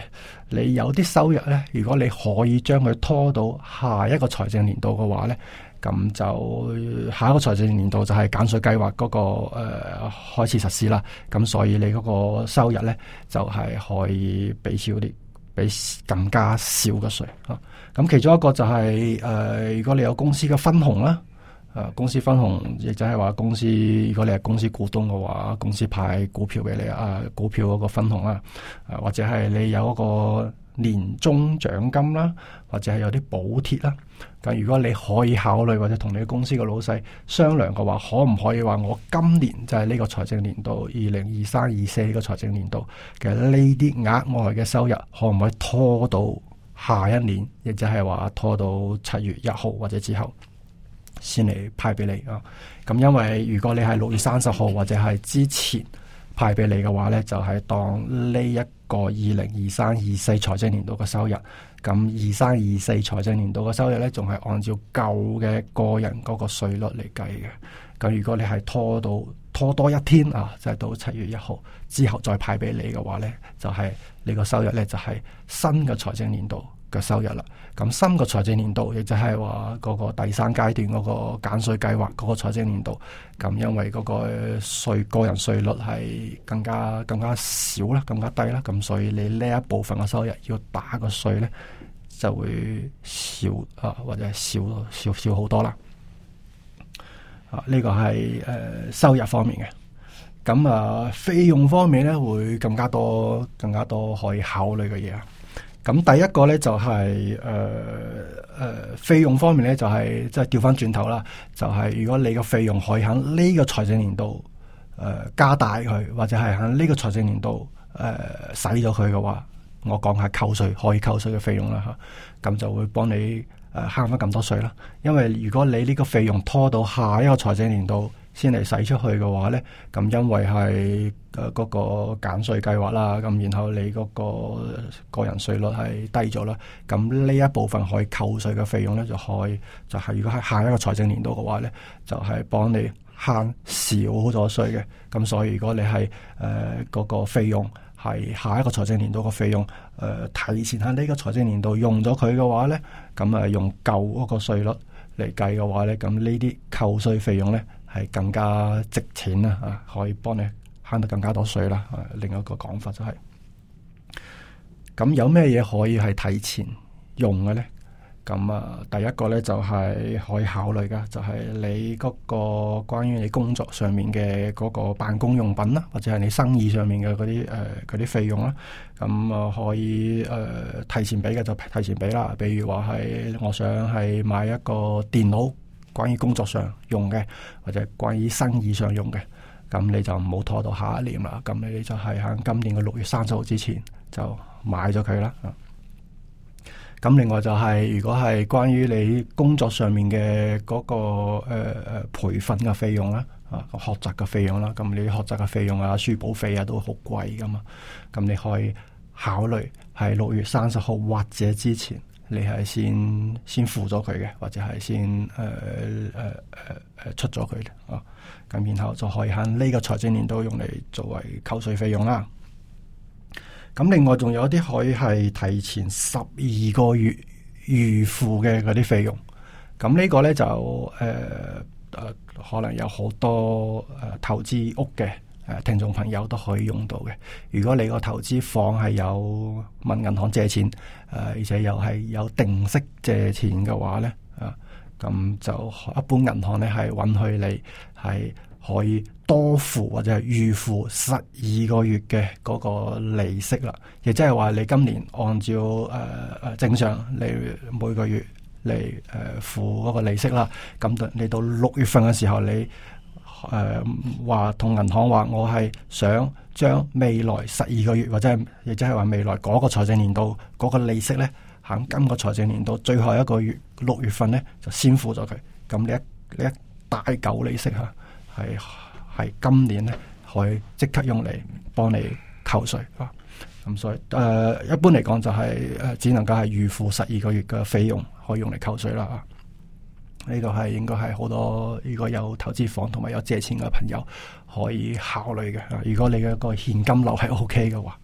你有啲收入咧，如果你可以將佢拖到下一個財政年度嘅話咧，咁就下一個財政年度就係減稅計劃嗰個誒、呃、開始實施啦。咁、嗯、所以你嗰個收入咧就係、是、可以俾少啲。畀更加少嘅稅啊。咁其中一個就係、是、誒、呃，如果你有公司嘅分紅啦、誒、啊，公司分紅亦就係話公司，如果你係公司股東嘅話，公司派股票俾你啊，股票嗰個分紅啦、啊，或者係你有一個，年中獎金啦，或者係有啲補貼啦。咁如果你可以考慮，或者同你公司嘅老細商量嘅話，可唔可以話我今年就係呢個財政年度二零二三二四呢個財政年度嘅其實呢啲額外嘅收入，可唔可以拖到下一年，亦即係話拖到七月一號或者之後先嚟派俾你啊？咁因為如果你係六月三十號或者係之前派俾你嘅話呢就係當呢一個二零二三二四財政年度嘅收入，咁二三二四財政年度嘅收入咧，仲係按照舊嘅個人嗰個稅率嚟計嘅。咁如果你係拖到拖多一天啊，即係到七月一號之後再派俾你嘅話咧，就係你個收入咧就係新嘅財政年度嘅收入啦。咁三個財政年度，亦即係話嗰個第三階段嗰個減稅計劃嗰個財政年度，咁因為嗰個稅個人稅率係更加更加少啦，更加低啦，咁所以你呢一部分嘅收入要打個稅咧，就會少啊，或者少少少好多啦。啊，呢、這個係誒、呃、收入方面嘅，咁啊費用方面咧會更加多，更加多可以考慮嘅嘢啊。咁第一個呢就係誒誒費用方面呢就係即係調翻轉頭啦，就係、是就是、如果你個費用可以喺呢個財政年度誒、呃、加大佢，或者係喺呢個財政年度誒使咗佢嘅話，我講下扣稅可以扣稅嘅費用啦嚇，咁、啊、就會幫你誒慳翻咁多稅啦。因為如果你呢個費用拖到下一個財政年度，先嚟使出去嘅話咧，咁因為係誒嗰個減稅計劃啦，咁然後你嗰個個人稅率係低咗啦，咁呢一部分可以扣稅嘅費用咧，就可以就係、是、如果係下一個財政年度嘅話咧，就係、是、幫你慳少咗稅嘅。咁所以如果你係誒嗰個費用係下一個財政年度嘅費用，誒、呃、提前喺呢個財政年度用咗佢嘅話咧，咁誒用舊嗰個稅率嚟計嘅話咧，咁呢啲扣稅費用咧。係更加值錢啦，啊，可以幫你慳得更加多稅啦，啊。另一個講法就係、是，咁有咩嘢，可以係提前用嘅咧？咁啊，第一個咧就係、是、可以考慮噶，就係、是、你嗰個關於你工作上面嘅嗰個辦公用品啦，或者係你生意上面嘅嗰啲誒啲費用啦。咁啊可以誒、呃、提前俾嘅就提前俾啦。比如話係我想係買一個電腦。關於工作上用嘅，或者關於生意上用嘅，咁你就唔好拖到下一年啦。咁你就係喺今年嘅六月三十號之前就買咗佢啦。咁另外就係、是、如果係關於你工作上面嘅嗰、那個誒誒、呃、培訓嘅費用啦，啊學習嘅費用啦，咁你學習嘅費用保費啊、書簿費啊都好貴噶嘛。咁你可以考慮係六月三十號或者之前。你係先先付咗佢嘅，或者係先誒誒誒誒出咗佢嘅，咁、啊、然後就可以喺呢個財政年度用嚟作為扣稅費用啦。咁、啊、另外仲有一啲可以係提前十二個月預付嘅嗰啲費用，咁、啊這個、呢個咧就誒誒、呃啊、可能有好多誒、啊、投資屋嘅。誒，聽眾朋友都可以用到嘅。如果你個投資房係有問銀行借錢，誒、呃，而且又係有定息借錢嘅話呢，啊，咁就一般銀行呢係允許你係可以多付或者係預付十二個月嘅嗰個利息啦。亦即係話你今年按照誒誒、呃、正常你每個月嚟誒、呃、付嗰個利息啦。咁到你到六月份嘅時候你，你誒，話、呃、同銀行話，我係想將未來十二個月或者係亦即係話未來嗰個財政年度嗰個利息咧，喺今個財政年度最後一個月六月份咧，就先付咗佢。咁呢一呢一大嚿利息吓、啊，係係今年咧可以即刻用嚟幫你扣稅啊。咁所以誒、呃，一般嚟講就係誒，只能夠係預付十二個月嘅費用，可以用嚟扣稅啦。呢度係應該係好多，如果有投資房同埋有借錢嘅朋友可以考慮嘅。如果你嘅個現金流係 OK 嘅話，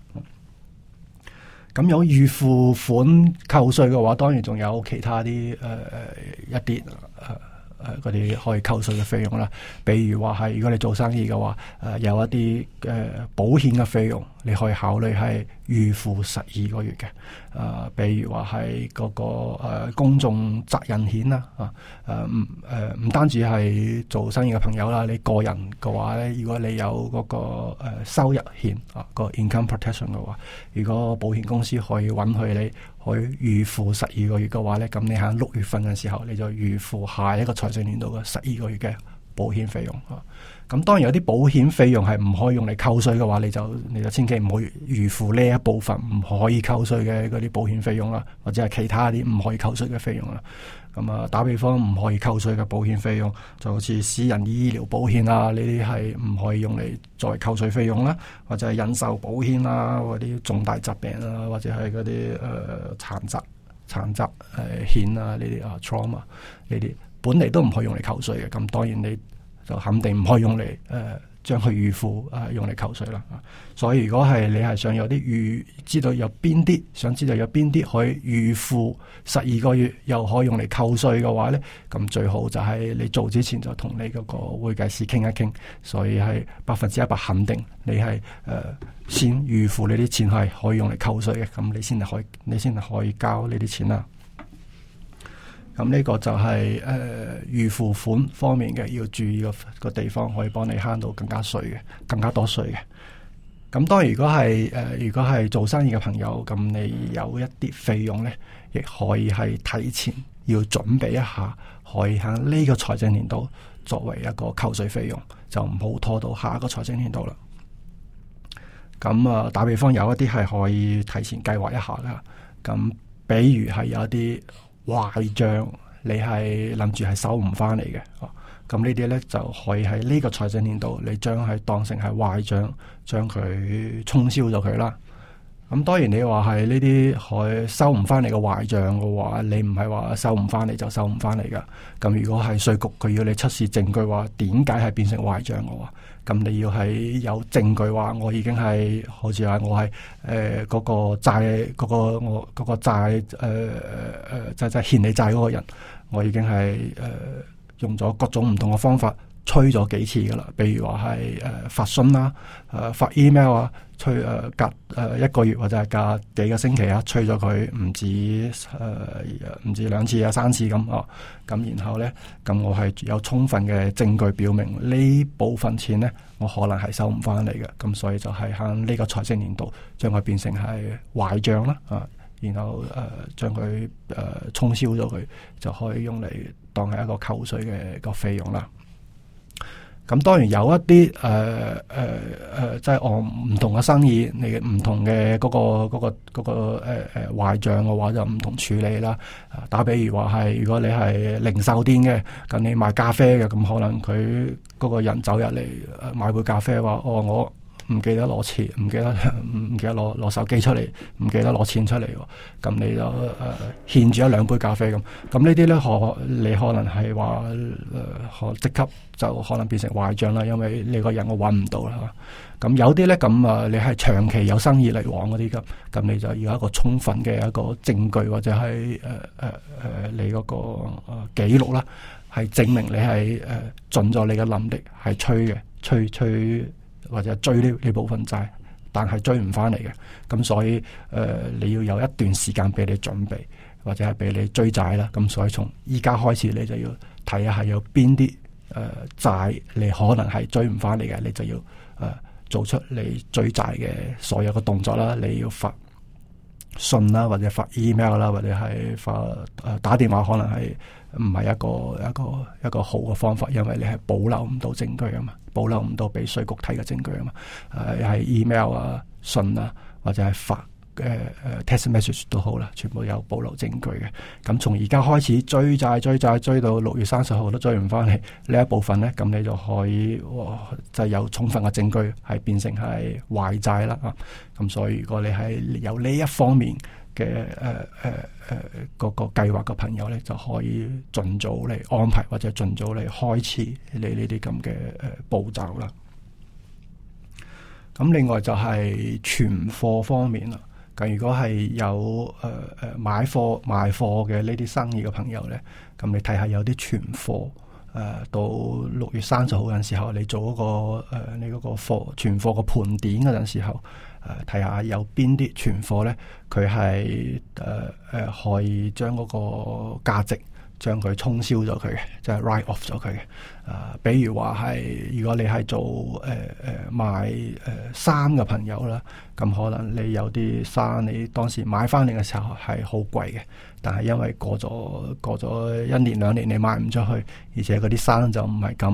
咁有預付款扣稅嘅話，當然仲有其他啲誒、呃、一啲誒誒嗰啲可以扣稅嘅費用啦。比如話係如果你做生意嘅話，誒、呃、有一啲誒、呃、保險嘅費用，你可以考慮係。預付十二個月嘅，誒、啊，比如話係嗰個誒、呃、公眾責任險啦，啊，誒唔誒唔單止係做生意嘅朋友啦，你個人嘅話咧，如果你有嗰個誒收入險啊、個 income protection 嘅話，如果保險公司可以允許你，可以預付十二個月嘅話咧，咁你喺六月份嘅時候，你就預付下一個財政年度嘅十二個月嘅保險費用啊。咁、嗯、當然有啲保險費用係唔可以用嚟扣稅嘅話，你就你就千祈唔好預付呢一部分唔可以扣稅嘅啲保險費用啦，或者係其他啲唔可以扣稅嘅費用啦。咁、嗯、啊，打比方唔可以扣稅嘅保險費用，就好似私人醫療保險啊，呢啲係唔可以用嚟作為扣稅費用啦，或者係人壽保險啦、啊，嗰啲重大疾病啊，或者係嗰啲誒殘疾殘疾誒險、呃、啊，呢啲啊 trauma 呢啲本嚟都唔可以用嚟扣稅嘅。咁、嗯、當然你，就肯定唔可以用嚟，誒、呃，將佢預付啊、呃，用嚟扣稅啦。所以如果係你係想有啲預，知道有邊啲，想知道有邊啲可以預付十二個月，又可以用嚟扣稅嘅話咧，咁最好就係你做之前就同你嗰個會計師傾一傾。所以係百分之一百肯定你，你係誒先預付你啲錢係可以用嚟扣稅嘅，咁你先係可以，你先可以交呢啲錢啦。咁呢個就係誒預付款方面嘅，要注意個個地方可以幫你慳到更加稅嘅，更加多稅嘅。咁當然如、呃，如果係誒如果係做生意嘅朋友，咁你有一啲費用呢，亦可以係提前要準備一下，可以喺呢個財政年度作為一個扣稅費用，就唔好拖到下一個財政年度啦。咁啊，打比方，有一啲係可以提前計劃一下啦。咁，比如係有一啲。壞賬，壞你係諗住係收唔翻嚟嘅，咁呢啲咧就可以喺呢個財政年度，你將係當成係壞賬，將佢沖銷咗佢啦。咁當然你話係呢啲，可收唔翻嚟嘅壞賬嘅話，你唔係話收唔翻嚟就收唔翻嚟噶。咁如果係稅局，佢要你出示證據話話點解係變成壞賬嘅話？咁你要係有證據，話我已經係好似話，我係誒嗰個債嗰、嗰個我嗰、嗰個債誒誒、呃、債欠你債嗰個人，我已經係誒、呃、用咗各種唔同嘅方法催咗幾次㗎啦，譬如話係誒發信啦，誒發 email 啊。呃催誒隔誒一個月或者係隔幾個星期啊，催咗佢唔止誒唔、呃、唔止兩次啊三次咁哦，咁然後咧，咁、嗯、我係有充分嘅證據表明呢部分錢咧，我可能係收唔翻嚟嘅，咁、嗯、所以就係喺呢個財政年度將佢變成係壞帳啦啊，然後誒將佢誒沖銷咗佢，就可以用嚟當係一個扣稅嘅個費用啦。咁、嗯、當然有一啲誒誒誒，即係我唔同嘅生意，你唔同嘅嗰、那個嗰、那個嗰、那個誒、那個呃、壞賬嘅話，就唔同處理啦。打比如話係，如果你係零售店嘅，咁你賣咖啡嘅，咁、嗯、可能佢嗰、那個人走入嚟買杯咖啡話，哦我。唔記得攞錢，唔記得唔唔記得攞攞手機出嚟，唔記得攞錢出嚟喎。咁你就誒欠住一兩杯咖啡咁。咁呢啲咧，可你可能係話誒，可、呃、即刻就可能變成壞帳啦，因為你個人我揾唔到啦。咁有啲咧，咁啊，你係長期有生意嚟往嗰啲咁，咁你就要一個充分嘅一個證據，或者係誒誒誒你嗰個記錄啦，係證明你係誒、呃、盡咗你嘅能力係吹嘅，吹吹。或者追呢呢部分債，但係追唔翻嚟嘅，咁所以誒、呃、你要有一段時間俾你準備，或者係俾你追債啦。咁所以從依家開始你、呃你，你就要睇一下有邊啲誒債你可能係追唔翻嚟嘅，你就要誒做出你追債嘅所有嘅動作啦。你要發信啦，或者發 email 啦，或者係發誒、呃、打電話，可能係。唔係一個一個一個好嘅方法，因為你係保留唔到證據啊嘛，保留唔到俾稅局睇嘅證據啊嘛。誒、啊、係 email 啊、信啊，或者係發誒誒、呃呃、text message 都好啦，全部有保留證據嘅。咁、啊、從而家開始追債、追債、追到六月三十號都追唔翻嚟呢一部分咧，咁你就可以就係、是、有充分嘅證據係變成係壞債啦啊！咁、啊、所以如果你係有呢一方面，嘅誒誒誒個個計劃嘅朋友咧，就可以盡早嚟安排，或者盡早嚟開始你呢啲咁嘅誒步驟啦。咁另外就係存貨方面啦。咁如果係有誒誒、呃、買貨賣貨嘅呢啲生意嘅朋友咧，咁你睇下有啲存貨。誒到六月三十號嗰陣時候，你做嗰、嗰個、誒、你嗰個貨存貨個盤點嗰陣時候，誒睇下有邊啲存貨咧，佢係誒誒可以將嗰個價值。將佢沖銷咗佢嘅，就係 write off 咗佢嘅。啊、呃，比如話係如果你係做誒誒賣誒衫嘅朋友啦，咁、嗯、可能你有啲衫你當時買翻嚟嘅時候係好貴嘅，但係因為過咗過咗一年兩年，你賣唔出去，而且嗰啲衫就唔係咁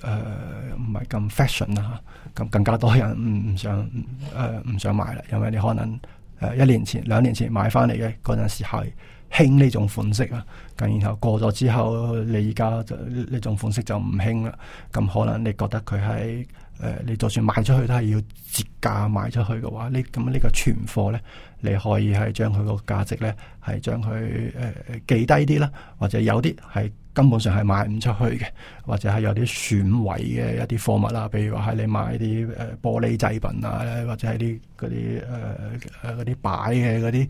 誒唔係咁 fashion 啦、啊，咁、嗯、更加多人唔唔想誒唔、呃、想買啦，因為你可能誒、呃、一年前兩年前買翻嚟嘅嗰陣時係。興呢種款式啊，咁然後過咗之後，你而家呢呢種款式就唔興啦。咁可能你覺得佢喺誒，你就算賣出去都係要折價賣出去嘅話，呢咁呢個存貨咧，你可以係將佢個價值咧，係將佢誒記低啲啦，或者有啲係。根本上係賣唔出去嘅，或者係有啲損毀嘅一啲貨物啦，譬如話係你買啲誒玻璃製品啊，或者係啲啲誒誒啲擺嘅啲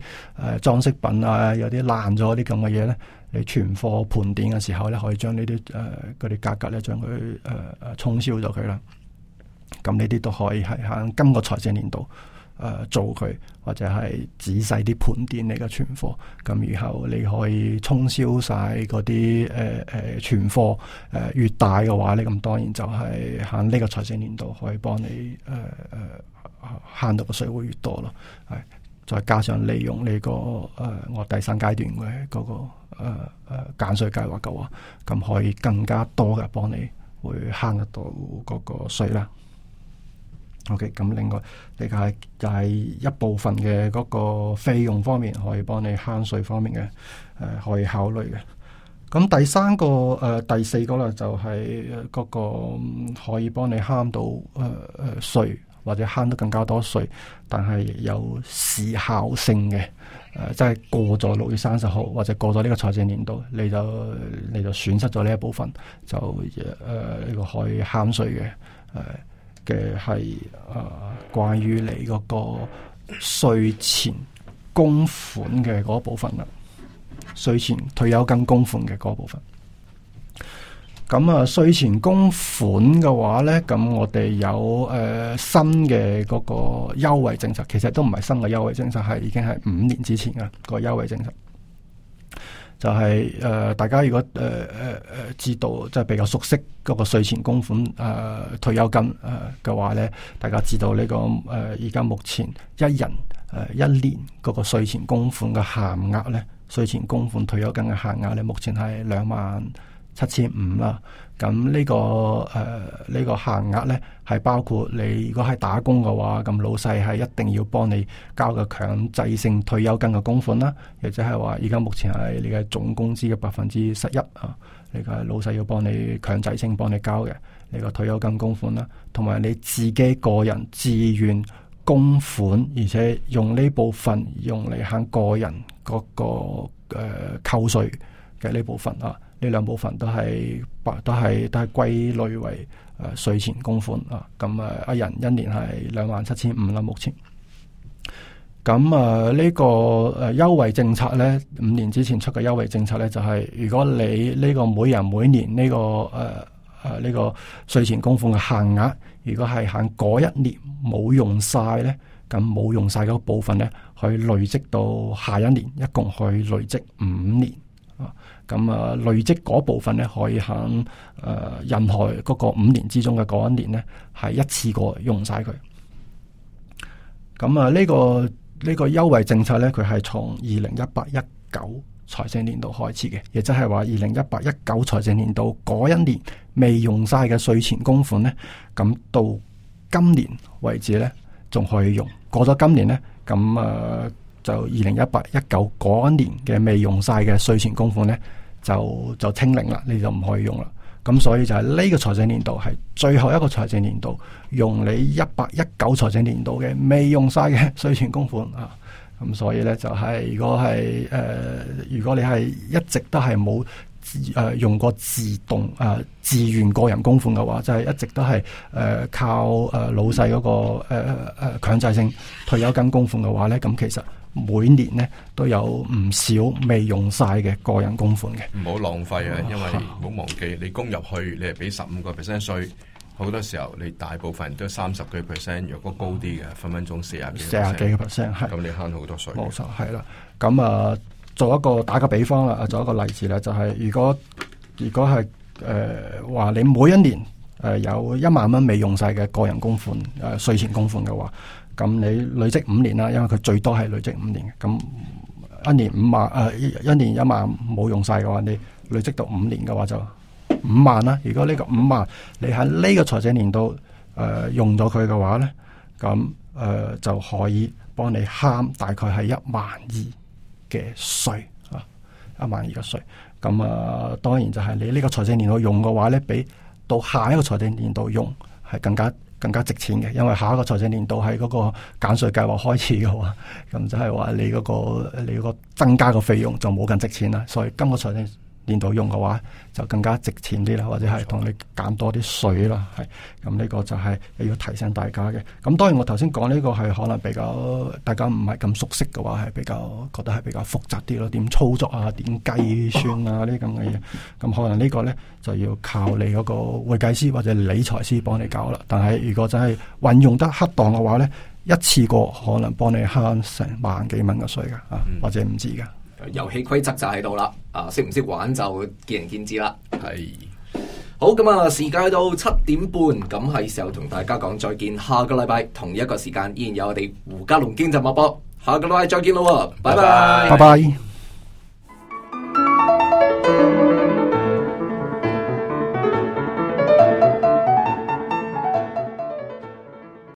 誒裝飾品啊，有啲爛咗啲咁嘅嘢咧，你存貨盤點嘅時候咧，可以將呢啲誒啲價格咧，將佢誒誒沖銷咗佢啦。咁呢啲都可以係喺今個財政年度。誒、呃，做佢或者係仔細啲盤點你嘅存貨，咁以後你可以沖銷晒嗰啲誒誒存貨。誒、呃，越大嘅話，你咁當然就係喺呢個財政年度可以幫你誒誒慳到嘅稅會越多咯。係再加上利用呢個誒我第三階段嘅，嗰、那個誒誒減稅計劃嘅話，咁可以更加多嘅幫你會慳得到嗰個稅啦。OK，咁另外，你係就係一部分嘅嗰個費用方面，可以幫你慳稅方面嘅，誒、呃、可以考慮嘅。咁第三個誒、呃、第四個啦，就係嗰個可以幫你慳到誒誒稅，或者慳得更加多稅，但係有時效性嘅，誒、呃、即係過咗六月三十號或者過咗呢個財政年度，你就你就損失咗呢一部分，就誒呢、呃這個可以慳稅嘅，誒、呃。嘅係誒，關於你嗰個稅前供款嘅嗰部分啦，稅前退休金供款嘅嗰部分。咁啊，稅前供款嘅話咧，咁我哋有誒、呃、新嘅嗰個優惠政策，其實都唔係新嘅優惠政策，係已經係五年之前嘅、嗰個優惠政策。就係、是、誒、呃，大家如果誒誒誒知道即係、就是、比較熟悉嗰個稅前供款誒、呃、退休金誒嘅話咧，大家知道呢、這個誒而家目前一人誒、呃、一年嗰個稅前供款嘅限額，咧，稅前供款退休金嘅限額，咧，目前係兩萬七千五啦。咁呢、呢個誒呢、呃呢個限額呢，係包括你如果係打工嘅話，咁老細係一定要幫你交嘅強制性退休金嘅供款啦，亦即係話而家目前係你嘅總工資嘅百分之十一啊，呢個老細要幫你強制性幫你交嘅呢個退休金供款啦，同埋你自己個人自願供款，而且用呢部分用嚟慳個人嗰、嗰個誒、呃、扣稅嘅呢部分啊。呢兩部分都係，都係都係歸類為誒稅、呃、前供款啊。咁啊，一人一年係兩萬七千五啦，目前。咁啊，呢、這個誒、呃、優惠政策咧，五年之前出嘅優惠政策咧，就係、是、如果你呢個每人每年呢、這個誒誒呢個稅前供款嘅限額，如果係限嗰一年冇用晒咧，咁冇用晒嘅部分咧，可以累積到下一年，一共可以累積五年啊。咁啊，累積嗰部分咧，可以喺誒、呃、任何嗰個五年之中嘅嗰一年咧，係一次過用晒佢。咁啊，呢、呢個呢、呢個優惠政策咧，佢係從二零一八一九財政年度開始嘅，亦即係話二零一八一九財政年度嗰一年未用晒嘅稅前供款咧，咁到今年為止咧，仲可以用。過咗今年咧，咁啊。呃就二零一八一九嗰一年嘅未用晒嘅稅前供款呢，就就清零啦，你就唔可以用啦。咁所以就係呢個財政年度係最後一個財政年度用你一八一九財政年度嘅未用晒嘅稅前供款啊。咁所以呢，就係、是、如果係誒、呃、如果你係一直都係冇誒用過自動誒、呃、自願個人供款嘅話，就係、是、一直都係誒、呃、靠誒、呃、老細嗰、那個誒誒強制性退休金供款嘅話呢。咁其實。每年咧都有唔少未用晒嘅個人供款嘅，唔好浪費啊！啊因為唔好忘記，啊、你供入去你係俾十五個 percent 稅，好多時候你大部分都三十幾 percent，若果高啲嘅分分鐘四啊幾、四啊幾個 percent，咁你慳好多稅。冇錯，係啦、啊。咁啊，做一個打個比方啦、啊，做一個例子咧，就係、是、如果如果係誒話你每一年誒、呃、有一萬蚊未用晒嘅個人供款誒稅、啊、前供款嘅話。咁你累積五年啦，因為佢最多係累積五年嘅。咁一年五萬，誒、呃、一年一萬冇用晒嘅話，你累積到五年嘅話就五萬啦。如果呢個五萬你喺呢個財政年度誒、呃、用咗佢嘅話咧，咁誒、呃、就可以幫你慳大概係一萬二嘅稅啊，一萬二嘅稅。咁啊當然就係你呢個財政年度用嘅話咧，比到下一個財政年度用係更加。更加值錢嘅，因為下一個財政年度係嗰個減稅計劃開始嘅話，咁就係話你嗰個你個增加個費用就冇咁值錢啦。所以今個財政。年度用嘅話，就更加值錢啲啦，或者係同你減多啲稅啦，係咁呢個就係要提醒大家嘅。咁當然我頭先講呢個係可能比較大家唔係咁熟悉嘅話，係比較覺得係比較複雜啲咯，點操作啊，點計算啊，呢啲咁嘅嘢。咁可能呢個呢，就要靠你嗰個會計師或者理財師幫你搞啦。但係如果真係運用得恰當嘅話呢，一次過可能幫你慳成萬幾蚊嘅稅㗎啊，嗯、或者唔知㗎。遊戲規則就喺度啦，啊，識唔識玩就見仁見智啦。係好咁啊，時間到七點半，咁係時候同大家講再見。下個禮拜同一個時間，依然有我哋胡嘉龍經濟脈搏。下個禮拜再見咯，拜拜拜拜。拜拜拜拜。